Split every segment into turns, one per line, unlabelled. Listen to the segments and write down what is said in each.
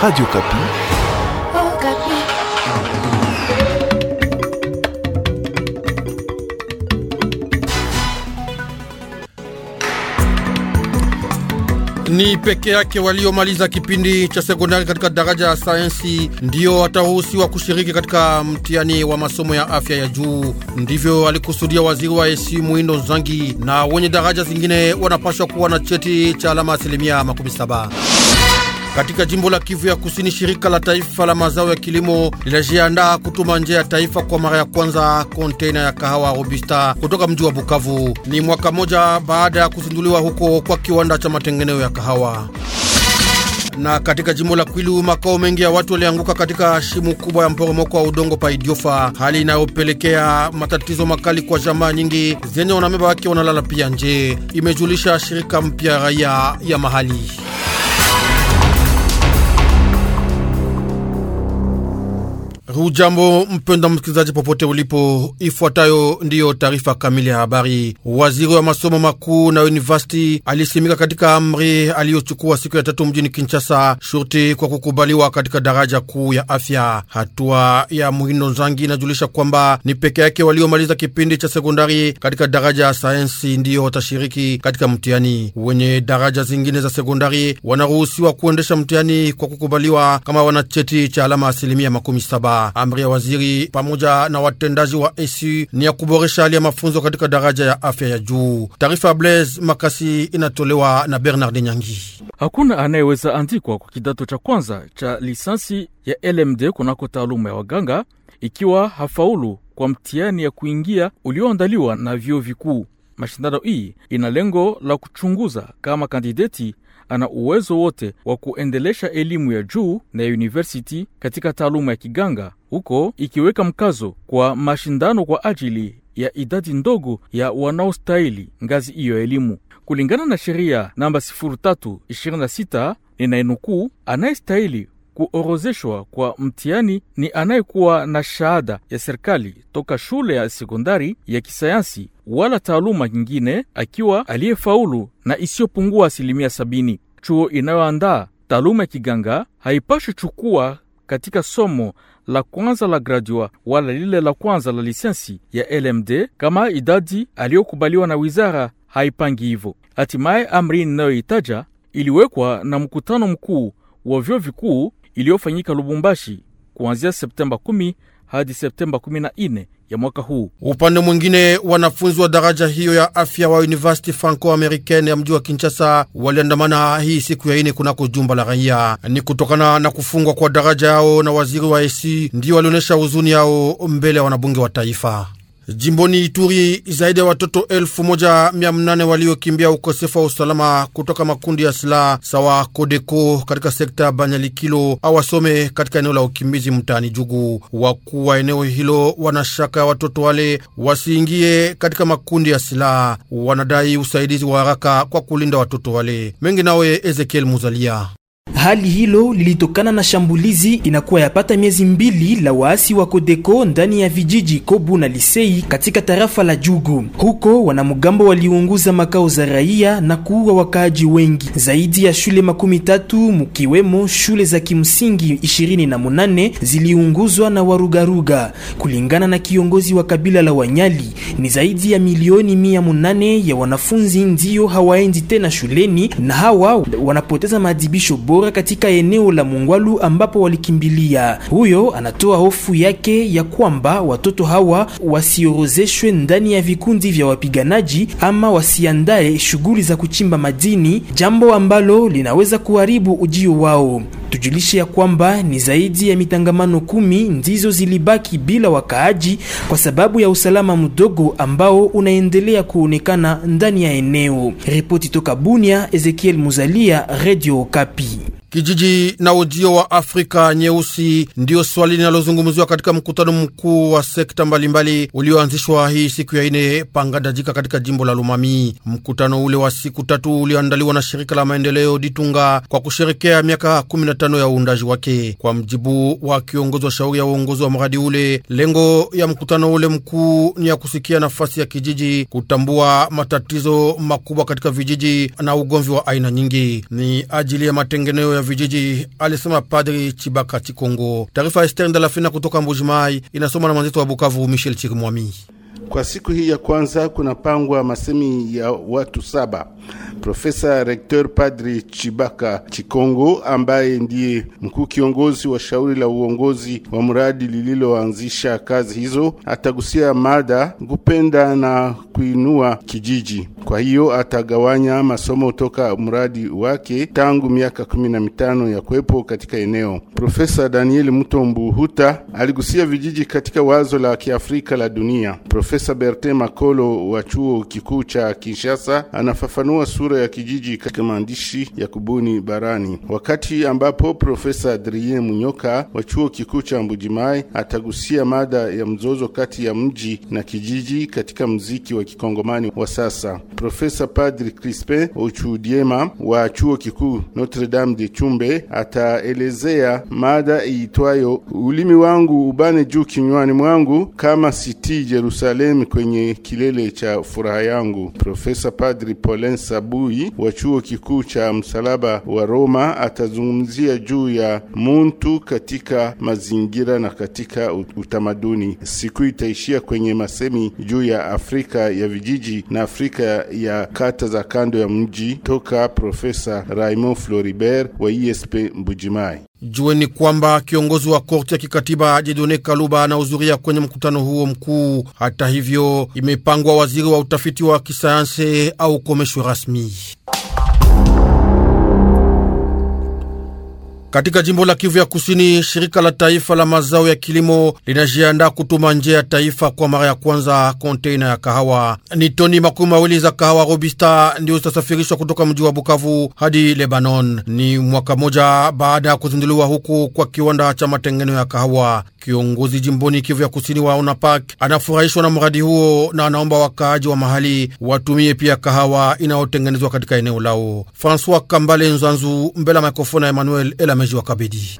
Radio Kapi. Oh, Kapi.
Ni peke yake waliomaliza kipindi cha sekondari katika daraja ya sayansi ndiyo wataruhusiwa kushiriki katika mtihani wa masomo ya afya ya juu. Ndivyo alikusudia waziri wa Esi muindo zangi na wenye daraja zingine wanapashwa kuwa na cheti cha alama asilimia makumi saba. Katika jimbo la Kivu ya Kusini, shirika la taifa la mazao ya kilimo linajiandaa kutuma nje ya taifa kwa mara ya kwanza konteina ya kahawa Robusta kutoka mji wa Bukavu. Ni mwaka moja baada ya kuzinduliwa huko kwa kiwanda cha matengenezo ya kahawa. Na katika jimbo la Kwilu, makao mengi ya watu walianguka katika shimo kubwa ya mporomoko wa udongo pa Idiofa, hali inayopelekea matatizo makali kwa jamaa nyingi zenye wanamemba wake wanalala pia nje, imejulisha shirika mpya raia ya mahali. Hujambo mpenda msikilizaji, popote ulipo, ifuatayo ndiyo taarifa kamili ya habari. Waziri wa masomo makuu na universiti alisimika katika amri aliyochukua siku ya tatu mjini Kinshasa shurti kwa kukubaliwa katika daraja kuu ya afya. Hatua ya Muhindo Nzangi inajulisha kwamba ni peke yake waliomaliza kipindi cha sekondari katika daraja ya sayansi ndiyo watashiriki katika mtihani. Wenye daraja zingine za sekondari wanaruhusiwa kuendesha mtihani kwa kukubaliwa kama wana cheti cha alama asilimia makumi saba. Amri ya waziri pamoja na watendaji wa esi ni ya kuboresha hali ya mafunzo katika daraja ya afya ya juu. Taarifa ya Blaise Makasi inatolewa na Bernard Nyangi. Hakuna anayeweza
andikwa kwa kidato cha kwanza cha lisansi ya LMD kunako taaluma ya waganga ikiwa hafaulu kwa mtihani ya kuingia ulioandaliwa na vyuo vikuu. Mashindano hii ina lengo la kuchunguza kama kandideti ana uwezo wote wa kuendelesha elimu ya juu na ya university katika taaluma ya kiganga, huko ikiweka mkazo kwa mashindano kwa ajili ya idadi ndogo ya wanaostahili ngazi hiyo ya elimu kulingana na sheria namba 0326 ninanukuu, anayestahili kuorozeshwa kwa mtihani ni anayekuwa na shahada ya serikali toka shule ya sekondari ya kisayansi wala taaluma nyingine, akiwa aliyefaulu na isiyopungua asilimia sabini. Chuo inayoandaa taaluma ya kiganga haipashwi chukua katika somo la kwanza la gradua wala lile la kwanza la lisensi ya LMD kama idadi aliyokubaliwa na wizara haipangi hivyo. Hatimaye amri inayoitaja iliwekwa na mkutano mkuu wa vyuo vikuu iliyofanyika Lubumbashi kuanzia Septemba 10 hadi Septemba 14 ya mwaka huu.
Upande mwingine, wanafunzi wa daraja hiyo ya afya wa University Franco Americaine ya mji wa Kinshasa waliandamana hii siku ya ine kunako jumba la raia. Ni kutokana na kufungwa kwa daraja yao na waziri wa esi, ndio walionyesha huzuni yao mbele ya wanabunge wa taifa. Jimboni Ituri, zaidi ya watoto elfu moja mia mnane waliokimbia ukosefu wa usalama kutoka makundi ya silaha sawa Kodeko katika sekta ya Banyalikilo awasome katika eneo la ukimbizi mtaani Jugu. Wakuu wa eneo hilo wanashaka watoto wale wasiingie katika makundi ya silaha, wanadai usaidizi wa haraka kwa kulinda watoto wale. Mengi nawe Ezekiel Muzalia. Hali hilo
lilitokana na shambulizi inakuwa yapata miezi mbili
la waasi wa Kodeko
ndani ya vijiji Kobu na Lisei katika tarafa la Jugu. Huko wanamgambo waliunguza makao za raia na kuua wakaaji wengi, zaidi ya shule makumi tatu mukiwemo shule za kimsingi ishirini na munane ziliunguzwa na warugaruga. Kulingana na kiongozi wa kabila la Wanyali, ni zaidi ya milioni mia munane ya wanafunzi ndiyo hawaendi tena shuleni na hawa wanapoteza maadibisho bora bora katika eneo la Mungwalu ambapo walikimbilia. Huyo anatoa hofu yake ya kwamba watoto hawa wasiorozeshwe ndani ya vikundi vya wapiganaji ama wasiandae shughuli za kuchimba madini, jambo ambalo linaweza kuharibu ujio wao. Tujulishe ya kwamba ni zaidi ya mitangamano kumi ndizo zilibaki bila wakaaji kwa sababu ya usalama mdogo ambao unaendelea kuonekana
ndani ya eneo. Ripoti toka Bunia, Ezekiel Muzalia, Radio Okapi kijiji na ujio wa Afrika nyeusi ndiyo swali linalozungumziwa katika mkutano mkuu wa sekta mbalimbali ulioanzishwa hii siku ya ine Pangadajika katika jimbo la Lumami. Mkutano ule wa siku tatu ulioandaliwa na shirika la maendeleo Ditunga kwa kusherekea miaka 15 ya uundaji wake. Kwa mjibu wa kiongozi wa shauri ya uongozi wa mradi ule, lengo ya mkutano ule mkuu ni ya kusikia nafasi ya kijiji, kutambua matatizo makubwa katika vijiji na ugomvi wa aina nyingi, ni ajili ya matengeneo ya vijiji, alisema Padri Chibaka Chikongo. Taarifa ya Ester Ndalafina kutoka Mbujimai inasoma na mwenzetu wa Bukavu, Michel Chirimwami.
Kwa siku hii ya kwanza kunapangwa masemi ya watu saba. Profesa Rektor Padri Chibaka Chikongo ambaye ndiye mkuu kiongozi wa shauri la uongozi wa mradi lililoanzisha kazi hizo atagusia mada kupenda na kuinua kijiji. Kwa hiyo atagawanya masomo toka mradi wake tangu miaka kumi na mitano ya kuwepo katika eneo. Profesa Daniel mtombuhuta aligusia vijiji katika wazo la Kiafrika la dunia. Profesa Profesa Bertin Makolo wa chuo kikuu cha Kinshasa anafafanua sura ya kijiji katika maandishi ya kubuni barani, wakati ambapo Profesa Adrien Munyoka wa chuo kikuu cha Mbujimai atagusia mada ya mzozo kati ya mji na kijiji katika mziki wa kikongomani wa sasa. Profesa Padri Crispin Ochudiema wa chuo kikuu Notre Dame de Chumbe ataelezea mada iitwayo ulimi wangu ubane juu kinywani mwangu kama siti Jerusalem Yerusalemu kwenye kilele cha furaha yangu. Profesa Padri Polen Sabui wa chuo kikuu cha msalaba wa Roma atazungumzia juu ya muntu katika mazingira na katika utamaduni. Siku itaishia kwenye masemi juu ya Afrika ya vijiji na Afrika ya kata za kando ya mji toka Profesa Raymond Floribert wa ISP e Mbujimai.
Jueni kwamba kiongozi wa korti ya kikatiba Jedone Kaluba anahudhuria kwenye mkutano huo mkuu. Hata hivyo, imepangwa waziri wa utafiti wa kisayansi au komeshwe rasmi. Katika jimbo la Kivu ya Kusini, shirika la taifa la mazao ya kilimo linajiandaa kutuma nje ya taifa kwa mara ya kwanza konteina ya kahawa. Ni toni makumi mawili za kahawa robista ndio zitasafirishwa kutoka mji wa Bukavu hadi Lebanon. Ni mwaka moja baada ya kuzinduliwa huku kwa kiwanda cha matengeneo ya kahawa. Kiongozi jimboni Kivu ya Kusini wa ONAPAK anafurahishwa na mradi huo na anaomba wakaaji wa mahali watumie pia kahawa inayotengenezwa katika eneo lao. Francois Kambale Nzanzu mbele ya mikrofoni ya Emmanuel Elam. Lamej Wakabedi.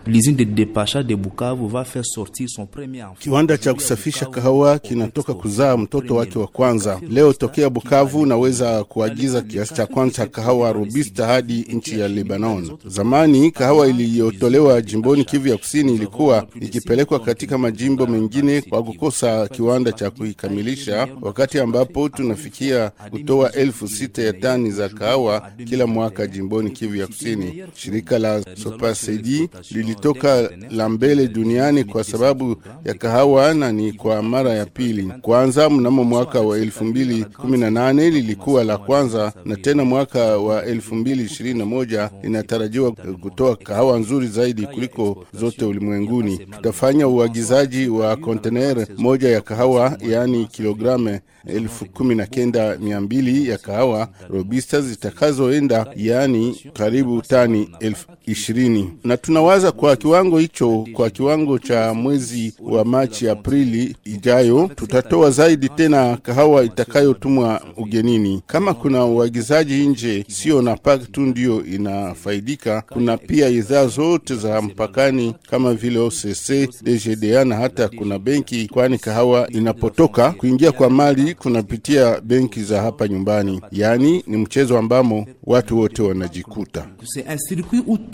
Kiwanda cha kusafisha kahawa kinatoka kuzaa mtoto wake wa kwanza leo. Tokea Bukavu naweza kuagiza kiasi cha kwanza kahawa robusta hadi nchi ya Lebanon. Zamani kahawa iliyotolewa jimboni Kivu ya kusini ilikuwa ikipelekwa katika majimbo mengine kwa kukosa kiwanda cha kuikamilisha, wakati ambapo tunafikia kutoa elfu sita ya tani za kahawa kila mwaka jimboni Kivu ya kusini. Shirika la Sopase CID lilitoka la mbele duniani kwa sababu ya kahawa na ni kwa mara ya pili. Kwanza mnamo mwaka wa 2018 lilikuwa la kwanza na tena mwaka wa 2021 linatarajiwa kutoa kahawa nzuri zaidi kuliko zote ulimwenguni. Tutafanya uagizaji wa kontener moja ya kahawa, yaani kilogramu elfu kumi na kenda mia mbili ya kahawa robista zitakazoenda, yaani karibu tani elfu ishirini na tunawaza kwa kiwango hicho, kwa kiwango cha mwezi wa Machi Aprili ijayo tutatoa zaidi tena kahawa itakayotumwa ugenini. Kama kuna uagizaji nje, sio pak tu ndiyo inafaidika, kuna pia idhaa zote za mpakani kama vile OCC, DGDA na hata kuna benki, kwani kahawa inapotoka kuingia kwa mali kunapitia benki za hapa nyumbani. Yaani ni mchezo ambamo watu wote wanajikuta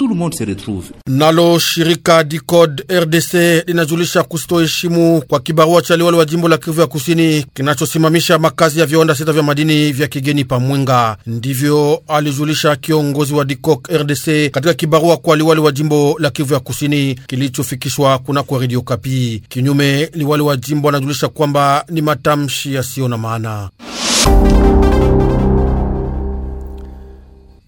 tout le monde se retrouve.
Nalo shirika dicod RDC linajulisha kustoheshimu kwa kibarua cha liwali wa jimbo la Kivu ya Kusini kinachosimamisha makazi ya viwanda sita vya madini vya kigeni Mwenga. Ndivyo alijulisha kiongozi wa DICODE RDC katika kibarua kwa liwali wa jimbo la Kivu ya Kusini kilichofikishwa kunako Radio Kapi. Kinyume, liwali wa jimbo anajulisha kwamba ni matamshi yasiyo na maana.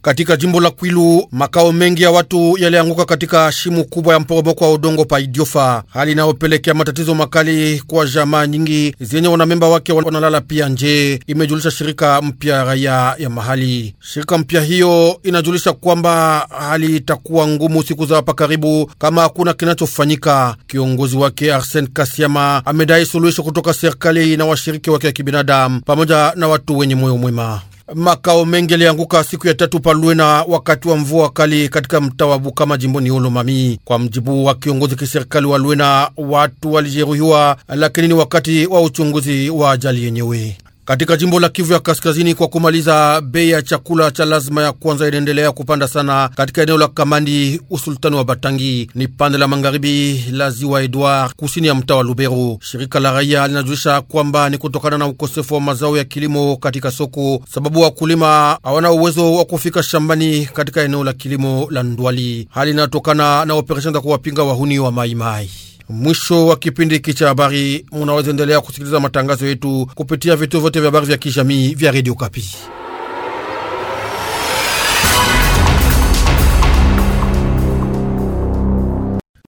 Katika jimbo la Kwilu, makao mengi ya watu yalianguka katika shimu kubwa ya mporomoko wa udongo pa Idiofa, hali inayopelekea matatizo makali kwa jamaa nyingi zenye wanamemba wake wanalala pia nje, imejulisha shirika mpya raia ya mahali. Shirika mpya hiyo inajulisha kwamba hali itakuwa ngumu siku za hapa karibu kama hakuna kinachofanyika. Kiongozi wake Arsen Kasiama amedai suluhisho kutoka serikali na washiriki wake wa kibinadamu pamoja na watu wenye moyo mwema. Makao mengi yalianguka siku ya tatu Palwena wakati wa mvua kali katika mtaa wa Bukama jimboni Holomami. Kwa mjibu wa kiongozi kiserikali wa Lwena, watu walijeruhiwa, lakini ni wakati wa uchunguzi wa ajali yenyewe katika jimbo la Kivu ya Kaskazini. Kwa kumaliza, bei ya chakula cha lazima ya kwanza inaendelea kupanda sana katika eneo la Kamandi, usultani wa Batangi, ni pande la magharibi la ziwa Edward, kusini ya mtaa wa Lubero. Shirika la raia linajulisha kwamba ni kutokana na ukosefu wa mazao ya kilimo katika soko, sababu wakulima hawana uwezo wa kufika shambani katika eneo la kilimo la Ndwali. Hali inayotokana na operesheni za kuwapinga wahuni wa Maimai. Mwisho wa kipindi hiki cha habari, munaweza endelea kusikiliza matangazo yetu kupitia vituo vyote vya habari vya kijamii vya redio Kapi.